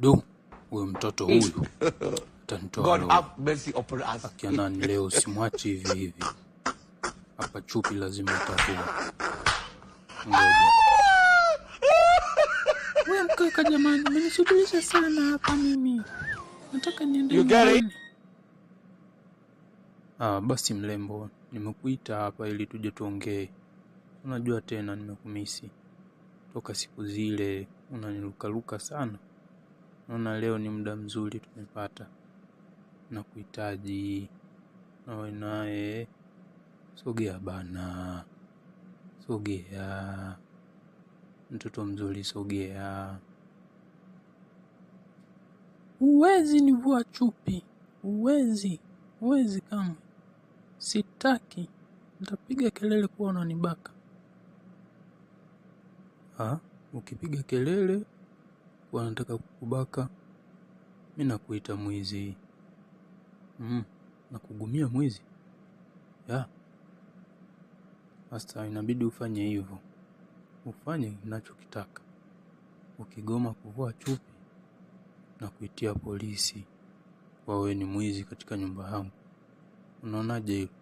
Du, huyu mtoto huyu tantoa akianani leo, simwachi hivi hivi hapa, chupi lazima itavua. Ngoja mkaka, jamani, mmenisubirisha sana hapa, mimi nataka niende. Ah, basi mlembo, nimekuita hapa ili tuje tuongee. Unajua tena nimekumisi toka siku zile, unanilukaluka sana Naona leo ni muda mzuri tumepata, na nawe naye, sogea bana, sogea mtoto mzuri, sogea. uwezi ni vua chupi, uwezi uwezi kamwe, sitaki, ntapiga kelele kuwa unanibaka. Ukipiga kelele kuwa nataka kukubaka, mi nakuita mwizi mm, nakugumia mwizi ya hasa Inabidi ufanye hivyo, ufanye ninachokitaka. Ukigoma kuvua chupi na kuitia polisi wawe ni mwizi katika nyumba yangu, unaonaje hivyo?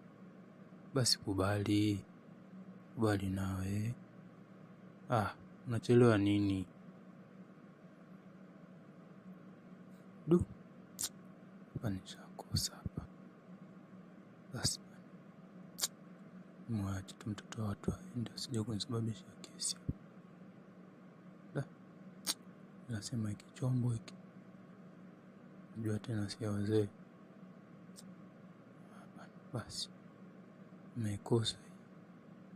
Basi kubali, kubali nawe. Ah, unachelewa nini? Du, hapa nishakosa hapa. Basi mwache tu mtoto wa watu aende, asije kunisababisha kesi. nasema hiki chombo hiki, najua tena sia wazee. Basi mekosa